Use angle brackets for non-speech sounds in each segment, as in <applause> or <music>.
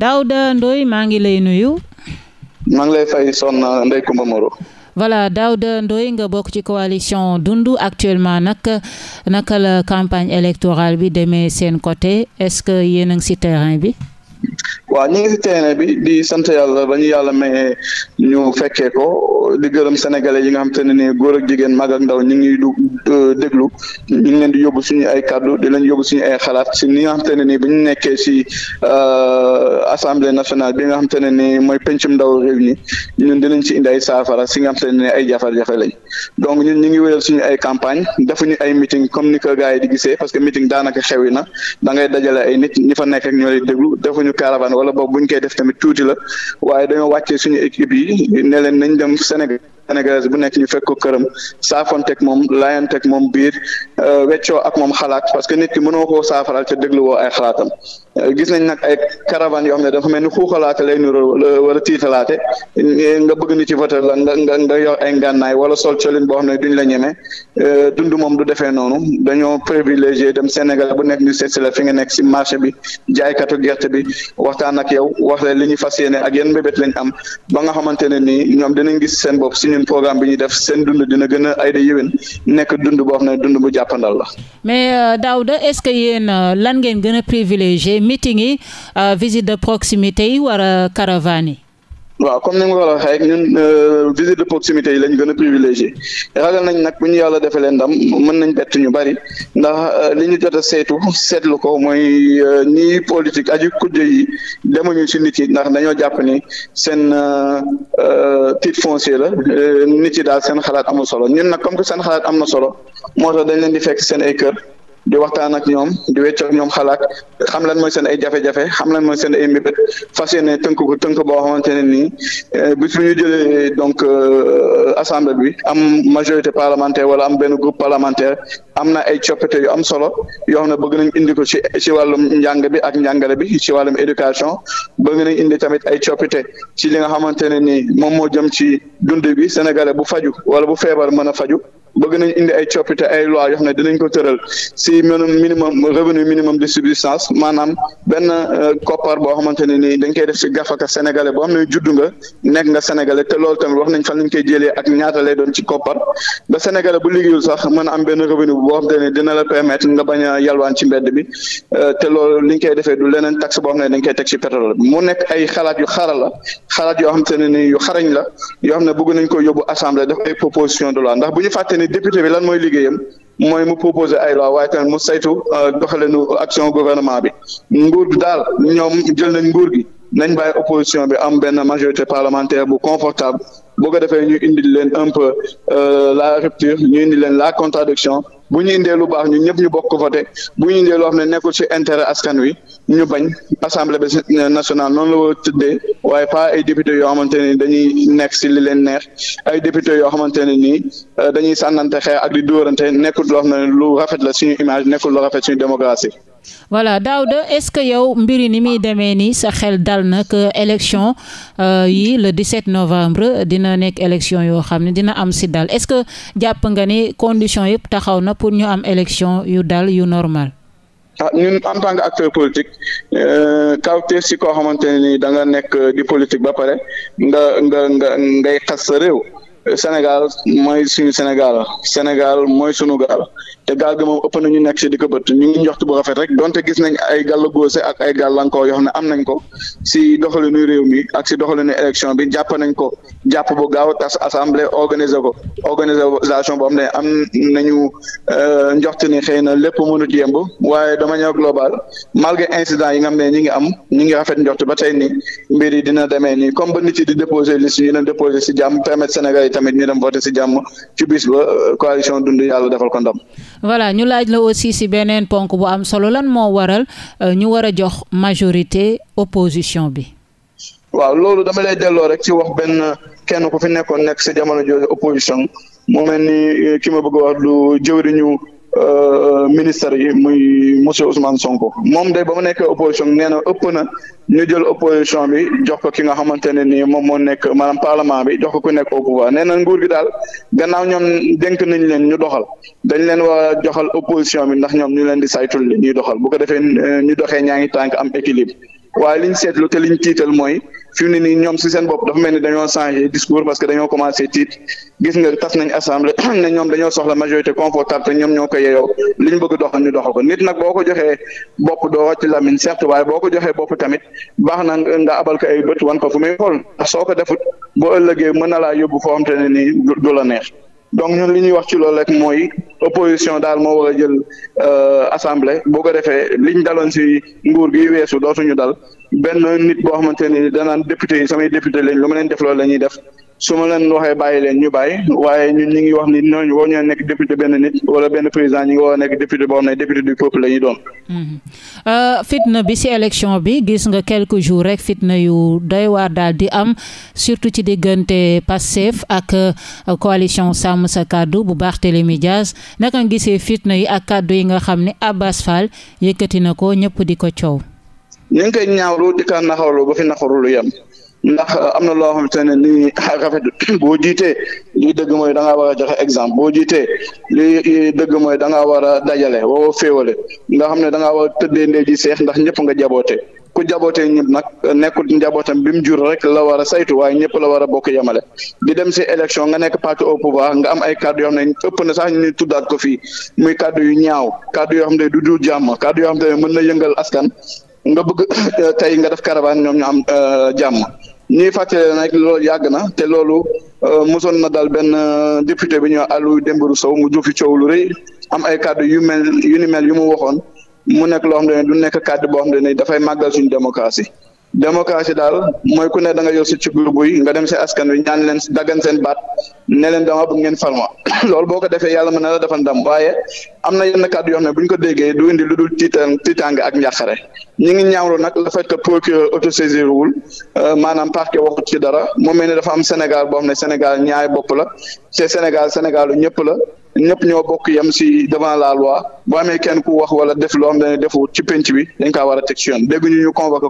daaw da Ndoye maa ngi lay nuyu. maa ngi lay fay Soxna Ndeye Comba Moreau. voilà Daouda Ndoye nga bokk ci coalition Dundu actuellement nag naka la campagne électorale bi demee seen côté est-ce que yéen a ngi ci terrain bi. waaw ñu ngi si terrain bi di sant yàlla ba ñu yàlla mayee ñu fekkee ko di gërëm sénégalais yi nga xam te ne nii góor ak jigéen mag ak ndaw ñu ngi du euh, déglu ñu leen di yóbbu suñu ay kàddu di leen suñu ay xalaat si ni nga xam ne nii bu ñu nekkee si euh, assemblée nationale bi nga xam te ne nii mooy pencum ndaw réew ñi ñun dinañ ci indi ay saafara si nga xam te ne nii ay jafar-jafe lañ donc ñun ñu ngi wéyal suñu ay campagne defuñu ay meeting comme ni ko gars di gisee parce que meeting daanaka xew na da dajale ay nit ñi fa nekk ak ñoo defuñu caravane wala boog buñ koy def tamit tuuti la waaye dañoo wàccee suñu équipe yi ne leen nañ dem Sénégal sénégalaise bu nekk ñu fekk ko këram saafonteeg moom laayanteeg moom biir euh, weccoo ak moom xalaat parce que nit ki mënoo koo saafaral ca dégluwoo ay xalaatam euh, gis nañ nag ay caravane yoo xam ne dafa mel ni xuuxalaate lay nuroo wala tiitalaate nga bëgg nit ci voté la nga nga nga yor ay ngànnaay wala sol colin boo xam ne duñ la ñeme euh, dund moom du defee noonu dañoo privilégié dem Sénégal bu nekk ñu seet la fi nga nekk si marché bi jaaykatu gerte bi waxtaan ak yow wax leen li ñu fas yéene ak yan mbébét lañ am ba seen programme bi ñuy def seen dund dina gën a ay da yéwén nekk dund boo xam ne bu jàppandal la. mais euh, daaw est-ce que yéen euh, lan ngeen gën a privilégié meeting yi euh, visite de proximité yi wala caravane yi. waaw comme ni nga ko waxee rek ñun euh, visite de proximité yi lañ gën a privilégié ragal nañ nag bu ñu yàlla leen dam mën nañ bett ñu bari ndax euh, li ñu jot a seetu seetlu ko mooy ñi euh, politique aju kujje yi demuñu ci nit yi ndax dañoo jàpp ni seen titre foncier la nit yi daal seen xalaat amul solo ñun nag comme que seen xalaat am na solo moo tax dañ leen di fekk seen ay kër. di waxtaan ak ñoom di wécc ak ñoom xalaat xam laan mooy seen ay jafe-jafe xam lan mooy seen ay mbébét fas yéene tënk ko tënk boo xamante ne nii bis eh, bu ñu jëlee donc euh, assemblée bi am majorité parlementaire wala am benn groupe parlementaire am na ay coppite yu am solo yoo xam bëgg nañ indi ko ci ci wàllum njàng bi ak njàngale bi ci wàllum éducation bëgg nañ indi tamit ay coppite ci li nga xamante ne nii moom moo jëm ci dund bi sénégalais bu faju wala bu feebar mën a faju bëgg nañ indi ay coppite ay loi yoo xam ne dinañ ko tëral si minimum minimum revenu minimum de subsistance maanaam benn euh, koppar boo xamante ne nii dañ koy def si gafaka sénégalais boo xam ne judd nga nekk nga sénégalais te lool tamit wax nañ fan lañ koy jëlee ak ñaata lay doon ci koppar ba sénégalais bu liggéeyul sax mën a am benn revenu boo xamante ne dina la permettre nga bañ a yalwaan ci mbedd bi euh, te loolu liñ koy defee du leneen taxe boo xam ne dañ koy teg ci pétrole bi mu nekk ay xalaat yu xara la xalaat yoo xamante ne nii yu la yoo xam ne bëgg nañ ko yóbbu assemblée def ay proposition de ni député bi lan mooy liggéeyam mooy mu proposer ay loi waaye tamit mu saytu euh, nu action gouvernement bi nguur daal ñoom jël nañ nguur gi nañ bàyyi opposition bi am benn majorité parlementaire bu confortable boo ko defee ñu indil leen un peu euh, la rupture ñu indil leen la contradiction bu ñu indee lu baax ñun ñëpp ñu bokk de bu ñu indee loo xam ne nekkul ci intérêt askan wi ñu bañ assemblée nationale noonu la war a tëddee waaye pas ay député yoo xamante ne dañuy nekk ci li leen neex ay député yoo xamante ne nii euh, dañuy sànnante xeex ak di dóorante nekkul loo xam lu rafet la suñu image nekkul lu rafet suñu démocratie. voilà Daouda est-ce que yow mbiri ni muy demee nii sa xel dal na que élection euh, yii le 17 novembre dina nekk élection yoo xam ne dina am si dal est-ce que jàpp nga ni condition yëpp taxaw na pour ñu am élection yu dal yu normal ah ñun en tant que acteur politique euh, kawteef si koo xamante ne ni da nga nekk euh, di politique ba pare nga nga nga ngay xas sa réew Sénégal mooy suñu Sénégal Sénégal mooy suñu gaal te gaal gi moom ëpp na ñu nekk ci di ko bët ñu ngi njoxtu bu rafet rek donte gis nañ ay gàllagoose ak ay gàllankoor yoo xam ne am nañ ko si doxalinu réew mi ak si doxalinu élection bi jàpp nañ ko jàpp bu gaaw tas assemblée organiser ko organisation boo xam ne am nañu euh, njoxtu ni xëy na lépp mënut yemb waaye de manière globale malgré incident yi nga xam ne ñi ngi am ñi ngi rafet njoxtu ba tey ni mbir yi dina demee nii comme ba nit yi di déposer liste yi leen déposer tey tamit ñu dem voté si jàmm ci bis ba euh, coalition dund yàlla defal ko ndam. voilà ñu laaj la aussi si beneen ponk bu am solo lan moo waral euh, ñu war jox majorité opposition bi. waaw loolu dama lay delloo rek ci wax benn kenn ku fi nekkoon nekk si jamono jooju opposition moo mel ni euh, ki ma bëgg a wax du jëwriñu Euh, ministère yi muy mosieur Ousmane Sonko moom day ba mu nekk opposition nee na ëpp na ñu jël opposition bi jox ko ki nga xamante ne nii moom moo nekk maanaam parlement bi jox ko ku nekk au pouvoir nee na nguur gi daal ganaaw ñoom dénk nañ leen ñu doxal dañ leen war joxal opposition bi ndax ñoom ñu leen di saytul li ñuy doxal bu ko defee euh, ñu doxee ñaa ngi tànk am équilibre. waaye li ñu seetlu te li ñu tiital mooy fi mu ne nii ñoom si seen bopp dafa mel ni dañoo changé discours parce que dañoo commencé tiit gis nga tas nañ assemblée <coughs> ne ñoom dañoo soxla majorité confortable te ñoom ñoo ko yeyoo li ñu bëgg doxal ñu doxal ko nit nag boo ko joxee bopp doo wàcc lamine certes waaye boo ko joxe bopp tamit baax na nga abal ko ay bët wan ko fu muy xool soo ko defut boo ëllëgee mën na laa yóbbu foo xam te ne nii du la neex. donc ñun li ñuy wax ci loolu rek mooy opposition daal moo war a jël euh, assemblée boo ko defee liñ daloon si nguur gi weesu dootuñu dal benn nit boo xamante ni danaan député yi samay député lañ lu ma leen def loolu la ñuy def su ma leen waxee bàyyi leen ñu bàyyi waaye ñun ñu ngi wax ni ñooñu war ñoo nekk député benn nit wala benn président ñu ngi a nekk député boo xam ne député du peuple la doon. Mhm. Euh, fitna bi ci élection bi gis nga quelque jour rek fitna yu doy waar daal di am surtout ci diggante Pastef ak euh, coalition Sàmm Sa Kàddu bu baax Barthélémy Dias naka nga gisee fitna yi ak kàddu yi nga xam ne Abbas Fall yëkkati na ko ñëpp di ko coow. ñu ngi koy ñaawlu di ko naxawlu ba ndax euh, am na loo xamante ne nii <coughs> rafet <coughs> boo jiitee lii dëgg mooy da war a joxe exemple boo jiitee lii dëgg mooy da ngaa war a dajale woo féewale nga xam ne da ngaa war a tëddee ndee seex ndax ñëpp nga jaboote ku jabootee ñëpp nag euh, nekkul njabootam bi mu jur rek la war a saytu waaye ñëpp la war a bokk yemale di dem si élection nga nekk parti au pouvoir nga am ay kàddu yoo xam ne ëpp na sax ñu tuddaat ko fi muy kàddu yu ñaaw kàddu yoo xam ne du du jàmm kàddu yoo xam ne mën na yëngal askan nga bëgg euh, tey nga def caravane ñoom ñu am euh, jàmm ñuy fàttali nag loolu yàgg na te loolu euh, mosoon na daal benn député bi ñu Aliou Dembourou Sow mu jur fi coow lu rëy am ay kàddu yu mel yu ni mel yu mu waxoon mu nekk loo xam ne du nekk kàddu boo xam ne dafay màggal suñu démocratie. démocratie daal mooy ku ne da nga yor sa cuglu buy nga dem si askan wi ñaan leen daggan seen baat ne leen dama bëgg ngeen fal ma <coughs> loolu boo ko defee yàlla mën na la defal ndam waaye am na yenn kàddu yoo xam ne bu ñu ko déggee du indi lu dul tiitaan tiitaang ak njàqare ñi ngi ñaawlu nag le fait que auto autosaisir wul euh, maanaam parquet waxut ci dara mu mel ni dafa am Sénégal boo xam ne Sénégal ñaay bopp la te Sénégal Sénégalu ñëpp la ñëpp ñoo bokk yem si devant la loi bu amee kenn ku wax wala def loo xam defu ci penc bi dañ kaa war a teg si ñu convoqué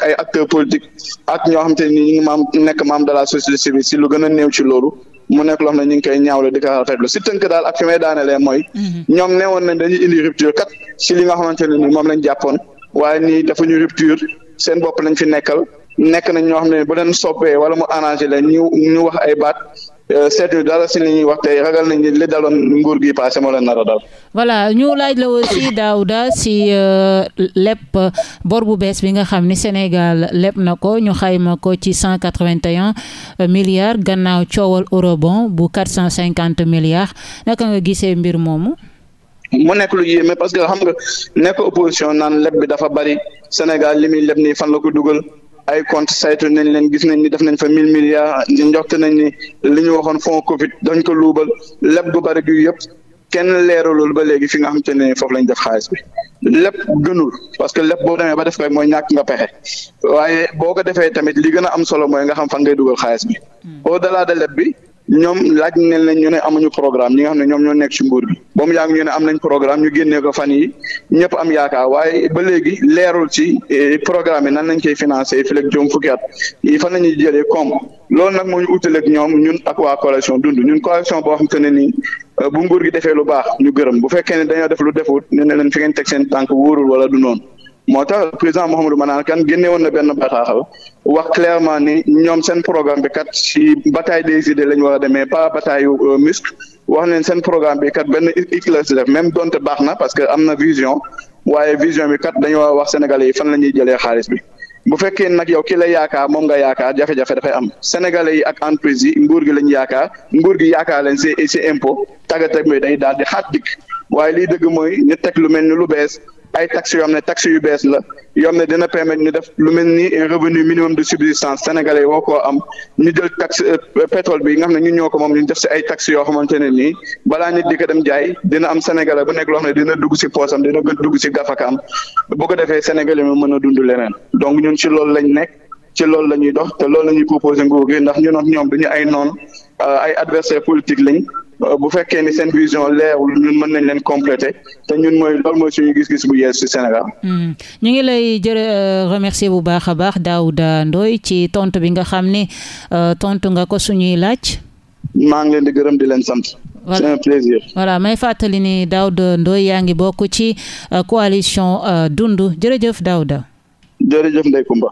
ay acteurs politiques ak ñoo xam te ñu nekk maam de société civile si tënk daal ak fi may daanelee mooy. Mhm. ñoom newoon nañ dañuy indi rupture kat si li nga xamante ne fi nekkal. nekk nañ ñoo xam ne bu leen soppee wala mu arrangé leen ñu ñu wax ay baat euh, seetlu dara si li wax tey ragal nañ li daloon nguur gi passé moo leen nar a ñu laaj la aussi Daouda si euh, lépp bor bu bees bi nga xam ni Sénégal lépp na ko ñu xayma ko ci cent quatre vingt et un euh, milliards gannaaw coowal eurobon bu quatre cent cinquante milliards naka nga gisee mbir moomu. mu nekk lu yéeme parce que xam nga nekk opposition naan lépp dafa bari Sénégal li muy nii fan la ko dugal. ay compte saytu nañ leen gis nañ ni def nañ fa mille milliards njort nañ ni li ñu waxoon fond Covid dañ ko luubal lépp bu bari gi yëpp kenn leeralul ba léegi fi nga xamante ne foofu lañ def xaalis bi lépp gënul parce que lépp boo demee ba def ko mooy ñàkk nga pexe waaye boo ko defee tamit li gën a am solo mooy nga xam fan ngay dugal xaalis bi hmm. au delà de lépp bi. ñoom laaj nañ leen ñu ne amuñu programme ñi nga xam ne ñoom ñoo nekk ci nguur bi ba mu yàgg ñu ne am nañ programme ñu génnee ko fan yi ñëpp am yaakaar waaye ba léegi leerul ci eh, programme nan nañ koy financé fii ak juróom fukki at yi fan la ñuy jëlee koom loolu nag moo ñu utile ñoom ñun ak waa coalition dund ñun coalition boo xam te ne nii eh, bu nguur gi defee lu baax ñu gërëm bu fekkee ne dañoo def lu defut ñu ne leen fi ngeen teg seen tànk wóorul wala du noonu. moo tax président Mouhamadou a Kane génne woon na benn bataaxal wax clairement ni ñoom seen programme bi kat ci bataille des lañu la ñu war a demee pas bataille euh, muscle wax leen seen programme bi kat benn it la si def même donte baax na parce que am na vision waaye vision bi kat dañoo wax sénégalais yi fan la ñuy jëlee xaalis bi. bu fekkee nag yow ki la yaakaar moom nga yaakaar jafe-jafe dafay am sénégalais yi ak entreprise yi nguur gi lañ yaakaar nguur gi yaakaar leen si si impôt tàggat ak day daal di xaat dikk waaye liy mooy ñu teg lu mel ni lu bees. ay taxes yoo ne taxes yu bees la yoo ne dina permettre ñu def lu mel ni revenu minimum de subsistance sénégalais woo koo am ñu jël taxe euh, pétrole bi nga xam ne ñun ñoo ko moom ñu def si ay taxes yoo xamante ne nii balaa ni di ko dem jaay dina am sénégalais bu nekk loo xam ne dina dugg si poosam dina dugg si gafakaam bu ko defee sénégalais mi mën a dund leneen donc ñun ci loolu lañ nekk ci loolu la ñuy dox te loolu la ñuy proposé nguur gi ndax ñu ak ñoom dañu ay noon euh, ay adversaire politique lañ Euh, bu fekkee ni seen vision leerul ñun mën nañ leen compléter te ñun mooy loolu mooy suñu gis-gis bu yees ci Sénégal. Hmm. ñu ngi lay jërë euh, remercier bu baax a baax Daouda Ndoye ci tontu bi nga xam ni euh, tontu nga ko suñuy laaj. maa ngi leen di gërëm di leen sant. voilà c'est un plaisir. voilà may fàttali ni Daouda Ndoye yaa ngi bokk ci coalition Dundu jërëjëf Daouda. jërëjëf Ndeye Comba.